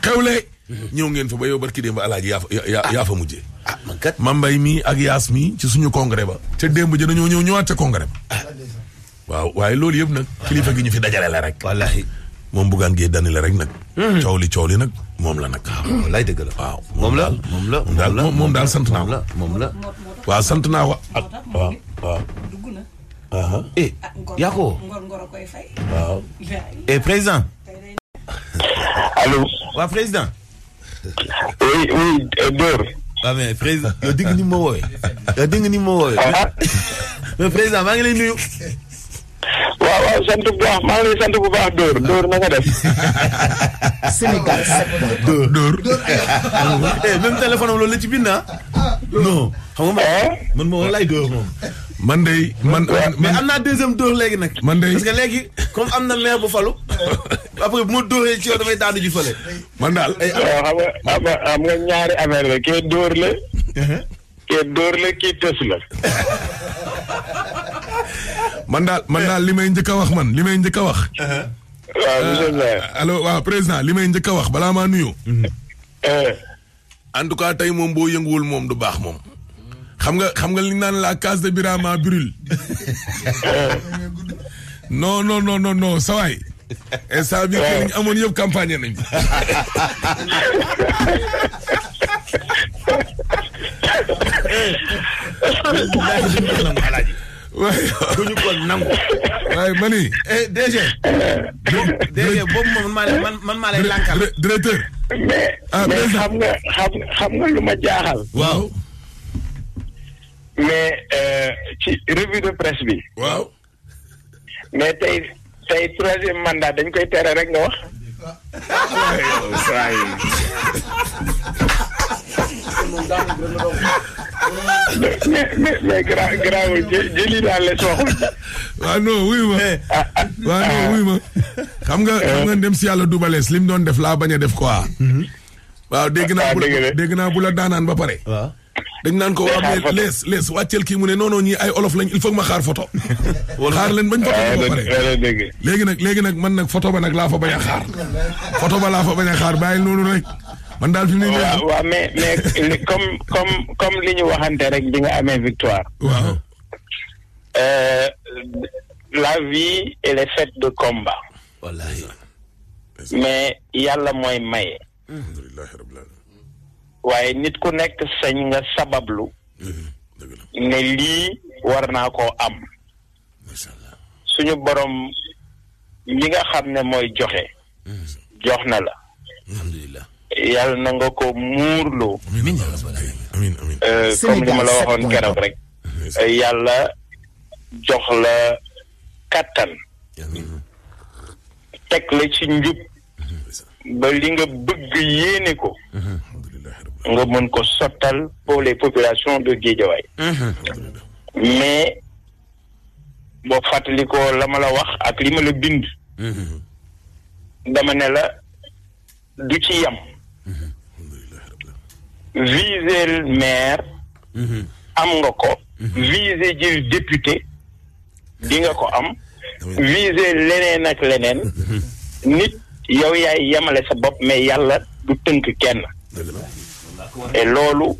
xewle. ñëw ngeen fa ba yow barki démb alaaji yaa fa yaa ah, Mambay mi ak Yaas mi ci suñu congrès ba. te démb ja dañoo ñëw ñëwaat ca congrès ba. Ah. waaw waaye loolu yëpp nag. kilifa gi ñu fi dajale la rek. wallaahi moom bugaan gee dani la rek nag. Hmm. coow li coow nag moom la nag. Ah, waaw lay waaw moom la moom la moom daal moom daal sant naa ko. moom la waaw sant naa ko ak waaw waaw. eh yaa ko. waaw. eh président. waa président. oui oui euh, Dóor. waaw président yow dégg ni ma wooyee. yow dégg ni ma wooyee. Ah, ah. mais président maa ngi lay nuyu. waaw waaw sant bu maa ngi lay sant bu baax Dóor Dóor na nga def. Sénégal Dóor Dóor. Eh, même téléphone loolu la ci bind ah. non xam nga man eh? ma walaay Dóor moom. man de man mais am naa deuxième Dóor léegi nag. man de parce que léegi comme am na leer bu falu. après bu ma dóoree ci yow damay daanu ji fële. man daal ay xam nga ñaari affaire la kii dóor la. Uh-huh. kii man daal man daal li may njëkk a wax man li may njëkk a wax. Uh-huh. waaw uh, uh, waaw président li may njëkk a wax balaa maa nuyu. Uh-huh. en tout cas tey moom boo yënguwul moom du baax moom. xam nga xam nga li naan la case de Birama brûle. non non non sawaay instant bi kër yi amoon yëpp campagne nañ duñu ko nangu. waaye ma ni. Eh, DG. DG boobu moom man maa man maa lay lànkal. directeur. ah mais xam nga xam xam nga lu ma jaaxal. waaw. mais euh, ci revue de presse bi. waaw. mais tey. tey troisième dañ koy tere rek nga waaw non eh, ah, ah, ah. wuy ma. xam nga xam nga eh. dem si yàlla dubalees li mu doon def laa bañ a def quoi. Mhm. waaw dégg naa bu la dégg ba pare. dañ naan ko waa ah, mais lees lees wàcceel kii mu ne non non ay olof lañ il faut ma xaar photo. wala leen bañ photo léegi nag léegi nag man nag photo ba nag laa fa bañ a xaar photo ba laa fa bañ a xaar bàyyil noonu rek man daal fi mu ne. waaw waaw comme comme comme li ñu waxante rek bi nga amee victoire. waaw. Euh, la vie elle est faite de combat. wallaahi. mais yàlla mooy maye. alhamdulilah waaye nit ku nekk sañ nga sabablu ne lii war naa koo am suñu boroom li nga xam ne mooy joxe jox na la yàlla na nga ko muurloo euh, comme li ma la waxoon keroog rek euh, yàlla jox la kàttan teg la ci njub ba li nga bëgg yéene ko mhm. nga mën ko sottal pour les populations de Guédiawaye mhm. mais boo fàttali ko la la wax ak li ma la bind mhm. dama ne la du ci yam viser maire am nga ko viser député di nga ko am viser leneen ak leneen nit yow yaay yemale sa bopp mais yàlla du tënk kenn et loolu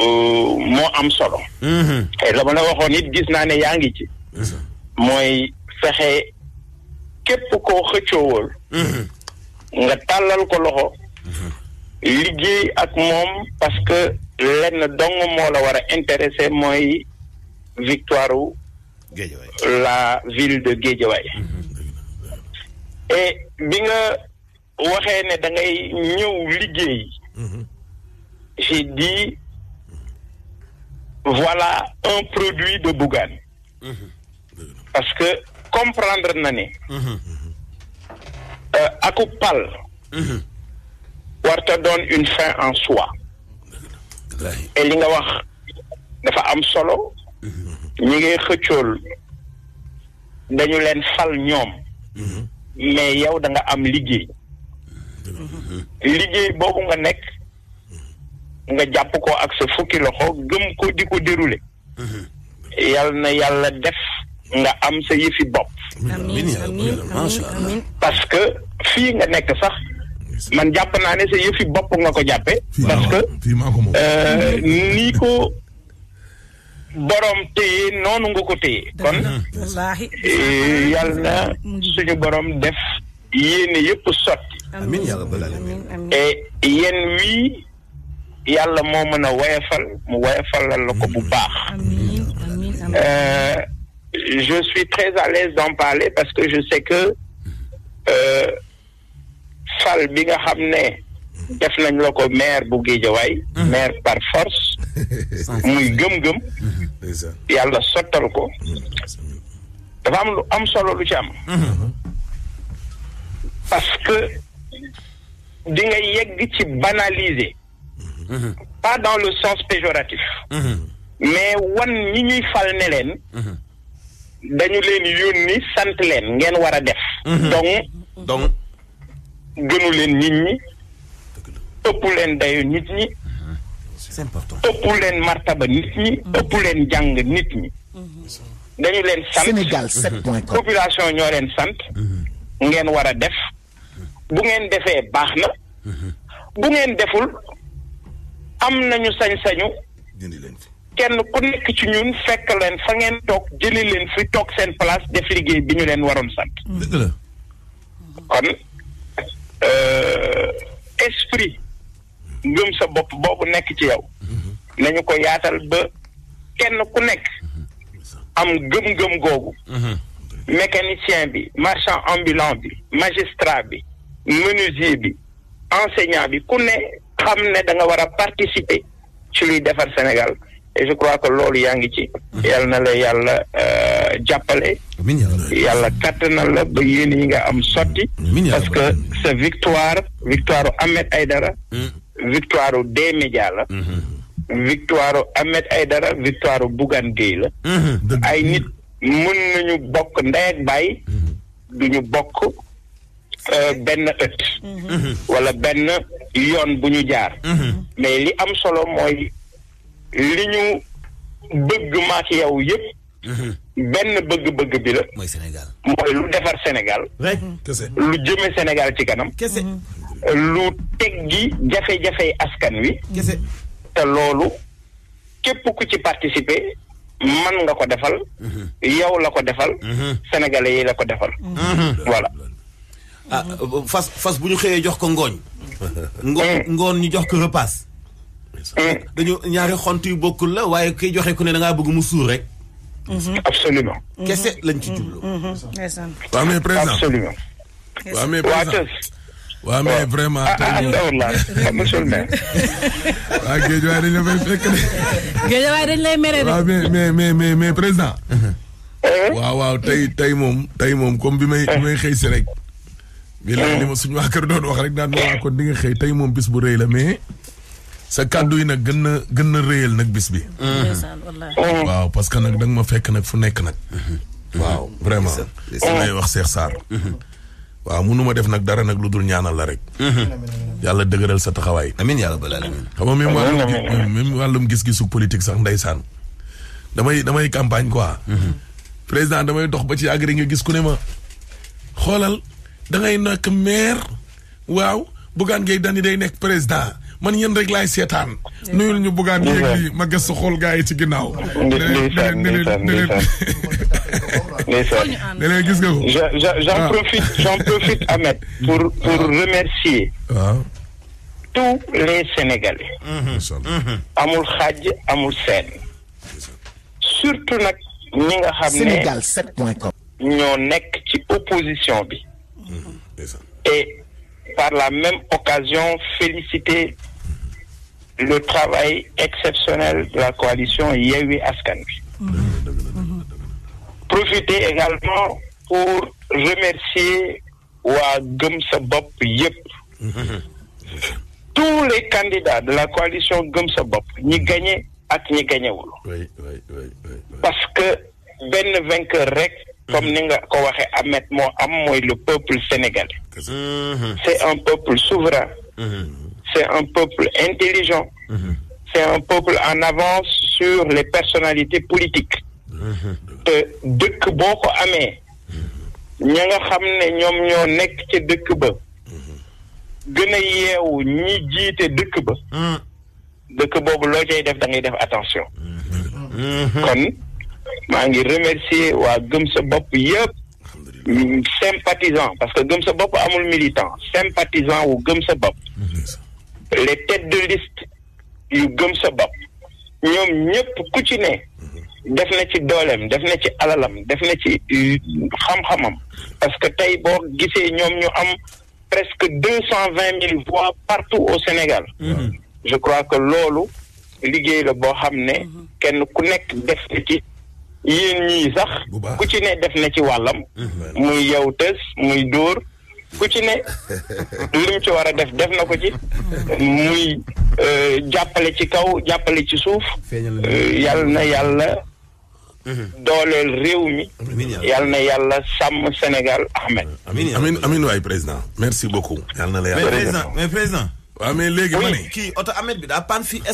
euh, moo am solo mm-hmm. te la ma la waxoon it gis naa ne yaa ngi ci mm-hmm. mooy fexe képp koo xëccoowool mm-hmm. nga tàllal ko loxo liggéey ak moom parce que lenn dong moo la war a intéressé mooy victoire la ville de Guédiawaye et eh, bi nga waxee ne dangay ñëw liggéey mhm. j'ai dit voilà un produit de Bougane mhm. parce que comprendre na ne mhm. euh, akub pal warta doon une fin en soi et li nga wax dafa am solo ñi ngay xëccool dañu leen fal ñoom mais yow danga am liggéey liggéey boobu nga nekk nga jàpp ko ak sa fukki loxo gëm ko di ko déroulé yal na yàlla def nga am sa yëfi bopp parce que fii nga nekk sax man jàpp naa ne sa yëfi bopp nga ko jàppe parce que nii ko boroom téye noonu ko téye kon yàlla na suñu borom def yéene yëpp sotti amiin yaa rabbal aalamiin e yéen wii yàlla moo mën a woyafal mu woyafalal la ko bu baax euh, je suis très à l'aise d'en parler parce que je sais que fal euh, bi nga xam ne def nañ la ko maire bu Guédiawaye maire par force muy gëm-gëm. yàlla sottal ko. Mm, dafa am lu am solo lu ci am. Mm-hmm. parce que dinga nga yegg ci banaliser. Mm-hmm. pas dans le sens péjoratif. Mm-hmm. mais wan ñi ñuy fal ne leen. dañu leen yónni sant leen ngeen war a def. donc donc gënu leen nit ñi. ëpp leen dayu nit ñi. c'est important ëpp leen martaba nit ñi. ëpp leen jàng nit ñi. dañu leen sant Sénégal population ñoo leen sant. ngeen war a def. bu ngeen defee baax na. bu ngeen deful am nañu sañ-sañu. kenn ku nekk ci ñun fekk leen fa ngeen toog jëli leen fi toog seen place def liggéey bi ñu leen waroon sant. kon euh, esprit. gëm sa bopp boobu nekk ci yow mhm. nañu ko yaatal ba kenn ku nekk mhm. am gëm-gëm googu mhm. mécanicien bi marchand ambulant bi magistrat bi menuisier bi enseignant bi ku ne xam ne danga nga war a participer ci luy defar Sénégal et je crois que loolu yaa ngi ci mhm. yàlla na la yàlla euh, jàppale yàlla kattanal la ba yéen yi nga am sotti parce que sa victoire victoire hmm. hmm. Ahmed Aidara victoire u D-Média la victoire Ahmed Aidara victoire Bougane Gueye la hmm. ay nit mën nañu bokk ndey ak baay duñu bokk euh, benn ëtt wala benn yoon bu ñu jaar mais li am solo mooy li ñu bëgg maak yow yëpp. Mhm. benn bëgg-bëgg bi la. mooy Sénégal mooy lu defar Sénégal. rek kese lu jëme Sénégal ci kanam. kese lu teggi jafe-jafey askan wi. kese te loolu képp ku ci participer man nga ko defal. Mhm. yow la ko defal. Mhm. sénégalais yi la ko defal. voilà. ah fas fas bu ñu xëyee jox ko ngooñ. ngoon eh. ngoon ñu jox ko repas. dañu ñaari xont yu bokkul la waaye kiy joxe ku ne da ngaa bëgg mu suur rek. Mm-hmm. absolument. Mm-hmm. kese lañ ci jublu. Mm-hmm. waaw mais président absolument. waaw mais président waaw mais vraiment. ah ah monsieur le maire. waaw dañ lay mere de. waaw mais mais mais président. Eh? waaw waaw tey tey moom tey moom comme bi may bi may xëy si rek. Eh? bi la li ma suñu waa kër doon wax rek daan na waa kon di nga xëy tey moom bis bu rëy la mais. sa kàddu yi nag gën na gën na réyal nag bis bi. Oh. waaw parce que nag da ma fekk nag fu nekk nag. Mm-hmm. waaw mm-hmm. vraiment. si may wax Cheikh Sarr. Mm-hmm. waaw munu ma def nag dara nag lu dul ñaanal la rek. yàlla dëgëral sa taxawaay. amiin yàlla balaa amiin. xam nga même wàllum gis-gisu politique sax ndeysaan. damay damay campagne quoi. président damay dox ba ci yàgg rek nga gis ku ne ma. xoolal da ngay nekk maire waaw Bougane Gueye Dany day nekk président. man yéen rek laay seetaan nuyul ñu bugga yéeg lii ma gëstu xool gaa yi ci ginnaaw ne leen gis nga ko j'en ah. profite j'en profite Ahmed pour ah. pour remercier ah. tous les mm-hmm. Mm-hmm. amul xaaj surtout nag ñi nga xam ne Sénégal ñoo nekk ci opposition bi mm-hmm. et par la même occasion féliciter le travail exceptionnel de la coalition Yewwi Askan Wi. profiter également pour remercier waa Gëm sa bopp yépp. tous les candidats de la coalition Gëm sa bopp ñi gagné ak ñi gagnéwul. oui parce que benn vainqueur rek. comme ni nga ko waxee Ahmed moo am mooy le peuple sénégalais. c'est un peuple souverain. Mhm. C'est un peuple intelligent. Mmh. C'est un peuple en avance sur les personnalités politiques. Mhm. te dëkk boo ko amee. ña nga xam ne ñoom ñoo nekk ci dëkk ba. Mhm. gën a yeewu ñi jiite dëkk ba. Mm. dëkk boobu loo cay def da ngay def attention. Mhm. kon maa ngi remercier waa gëm sa bopp yëpp. sympathisant parce que gëm sa bopp amul militant sympathisant wu gëm sa bopp. les têtes de liste yu gëm sa bopp ñoom ñëpp ku ci ne def na ci dooleem def na ci alalam def na ci euh, xam-xamam parce que tey boo gisee ñoom ñu am presque deux cent vingt mille voix partout au Sénégal mhm. je crois que loolu liggéey la boo xam ne mhm. kenn ku nekk def ci yéen ñuy sax ku ci ne def na ci wàllam mhm. muy yow tës muy dóor ku ci ne lu mu ci war a def def na ko ci muy euh, jàppale ci kaw jàppale ci suuf yàlla euh, na yàlla mhm. dooleel réew mi yàlla na yàlla sàmm Sénégal Ahmed amin amin waay président merci beaucoup yàlla na la yàlla mais président waaw mais léegi ma kii oto amet bi daa paan fii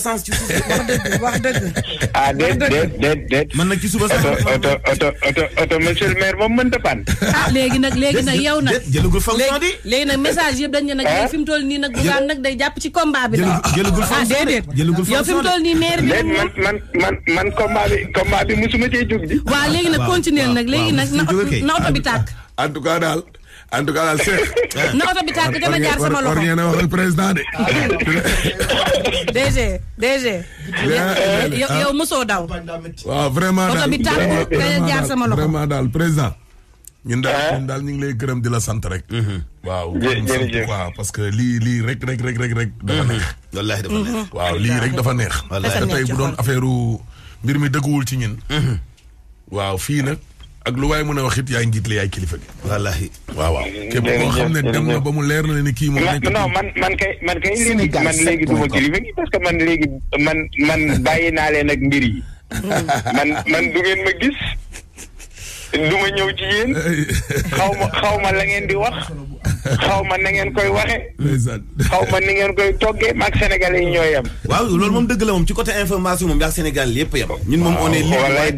ah, man nag ci suba sax oto oto oto oto moom mënta paan. Ah, léegi nag léegi nag yow nag. jëlugul fonction di léegi nag message yëpp dañ ne nag ah? yow toll nii nag bugaan nag day jàpp ci combat bi. jëlugul fonction de jëlugul yow fi mu toll nii maire bi. man man man man combat bi combat bi musuma cee jóg di. waaw léegi nag continuer nag léegi nag na oto bi tàkk. en daal. en tout cas daal Cheikh. oto bi tàkk dama jaar sama loxo war ngeen a président de. DG DG. yow mosoo daw. waaw vraiment daal oto daal président. ñun daal eh? ñun daal ñu ngi lay gërëm di la sant rek. Mm-hmm. waaw jërëjëf waaw parce que lii lii rek rek rek rek rek. dafa mm-hmm. mm-hmm. neex waaw lii rek dafa neex. bu doon affaire mbir mi dëgguwul ci ñun. waaw fii ak lu waay mën a wax it yaay njiit la yaay kilifa gi. wallaahi waaw waaw. képp koo xam ne dem na ba mu leer na ne kii moom. non man man kay man kay léegi man léegi duma kilifa gi parce que man léegi man man bàyyi naa leen ak mbir yi. man man du ngeen ma gis. du ma ñëw ci yéen. xaw ma xaw la ngeen di wax. xaw ma na ngeen koy waxe xaw ma ni ngeen koy toggee maag sénégalais yi ñooy yem. waaw lool moom dëgg la moom ci côté information moom yaa Sénégal yëpp yem. ñun moom on est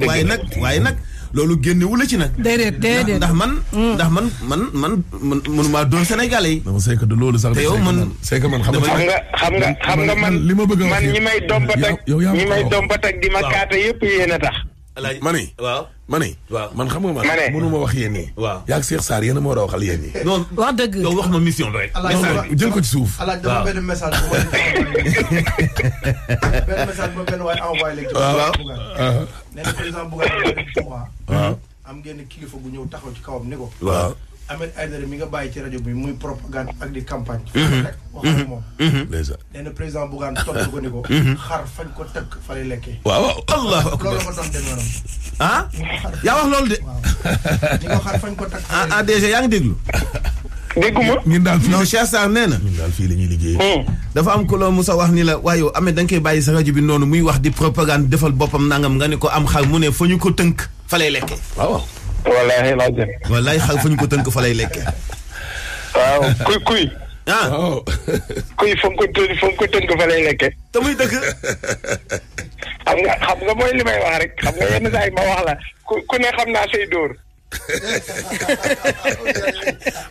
waaye nag waaye nag. loolu génnewul la ci nag. déedéet déedéet ndax man. Mm. ndax man man man man mënumaa doon Sénégalais yi. non c'est que loolu sax. yow man c'est que man xam nga xam nga xam nga man li ma bëgg a wax man ñi may dompat ak ñi may dompat ak di ma kaata yëpp yéen a tax. alaaji ma ni. waaw ma waaw man xam nga ma. ma wax yéen ñi. waaw yaa ngi Cheikh Sarr yéen a ma war a waxal yéen ñi. non wax dëgg. yow wax ma mission rek. ci suuf. alaaj dama benn message bu ma benn message bu ma benn waaye envoyé léegi. waaw nee na président waaw kilifa gu ñëw taxaw ci kawam ni ko. waaw. Ahmed Aïdara mi nga bàyyi ci rajo bi muy propagande ak campagne. rek mhm. waxal mhm. mhm. président Bougane tontu ko ko. xar fañ ko tëkk fa waaw waaw allah akbar loolu la ko tontee noonu. Ah? wax loolu de. fañ ko tëkk. ah ah yaa ngi déglu. dégguma ñun daal fii non Cheikh nee na. ñun daal fii la ñuy hmm. am ko loo Moussa wax ni la waaye yow Ahmed da koy bàyyi sa rajo bi noonu muy wax di propagande defal boppam nangam nga ni ko am xar mu ne foo ñu ko tënk fa lay lekkee. waaw wallaahi laa jëm. wallaahi xal fu ñu ko tënk falay lay lekkee. waaw kuy kuy. ah kuy fu mu ko tënk fu mu ko tënk fa te muy dëgg. xam nga xam nga mooy li xam nga yenn saa ma wax la ku ku ne xam naa say dóor.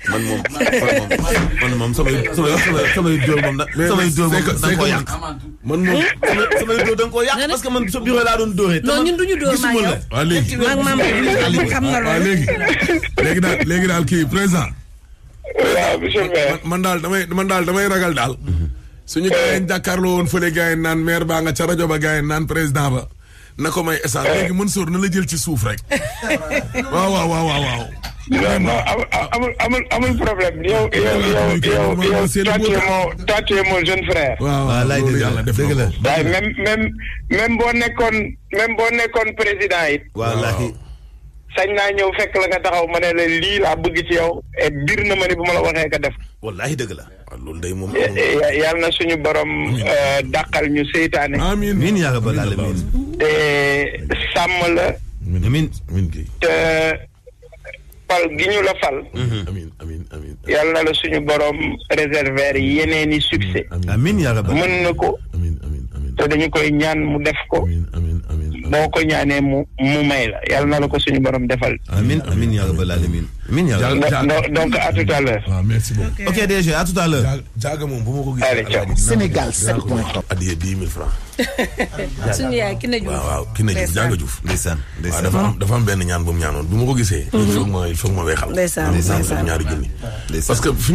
man moom man moom samay samay samay dóor moom nag. samay dóor moom da nga hmm? koo yàq. man moom samay dóor da nga koo yàq parce que man sa bureau laa doon dóoree. non ñun duñu dóor maa yow waaw ah, léegi léegi léegi daal léegi daal kii président. man daal damay man daal damay ragal daal. suñu gars yi jàkkaarloo woon fële yi naan meer baa nga ca rajo ba gars naan président ba. na ko may essence léegi Mansour na la jël ci suuf rek waaw waaw waaw waaw. non non amul amul amul problème yow yow yow yow yow toi tu es mon jeune frère. waaw waaw loolu yàlla def na ko waaye même même même boo nekkoon même boo nekkoon président it. wallaahi. sañ naa ñëw fekk la nga taxaw ma ne la lii laa bëgg ci yow et biir na ma ne bu ma la waxee nga def. wallaahi dëgg la. waaw loolu day moom. yàlla na suñu borom euh, dàqal ñu seytaane. amiin amiin yaa rabbal aalamiin. te sàmm la. te fal gi ñu la fal. Mm-hmm. amiin yàlla na la suñu borom réserver yeneen i succès. amiin yaa mën na ko. te dañu koy ñaan mu def ko. boo ko mu mu may la yàlla ko suñu borom defal. amiin amiin yaa rabbal aalamiin. tout à l'heure. ok DG à tout à l'heure. jaaga moom bu ma ko gisee. Sénégal 7 point com. adiyee 10 000 francs. suñu yaay Kiné a waaw waaw Kiné Diouf jaaga Diouf. ndeysaan ndeysaan dafa am dafa am benn ñaan bu mu ñaanoon bu ma ko gisee. il faut que ma il faut que ma weexal. ndeysaan ndeysaan ñaari junni. parce que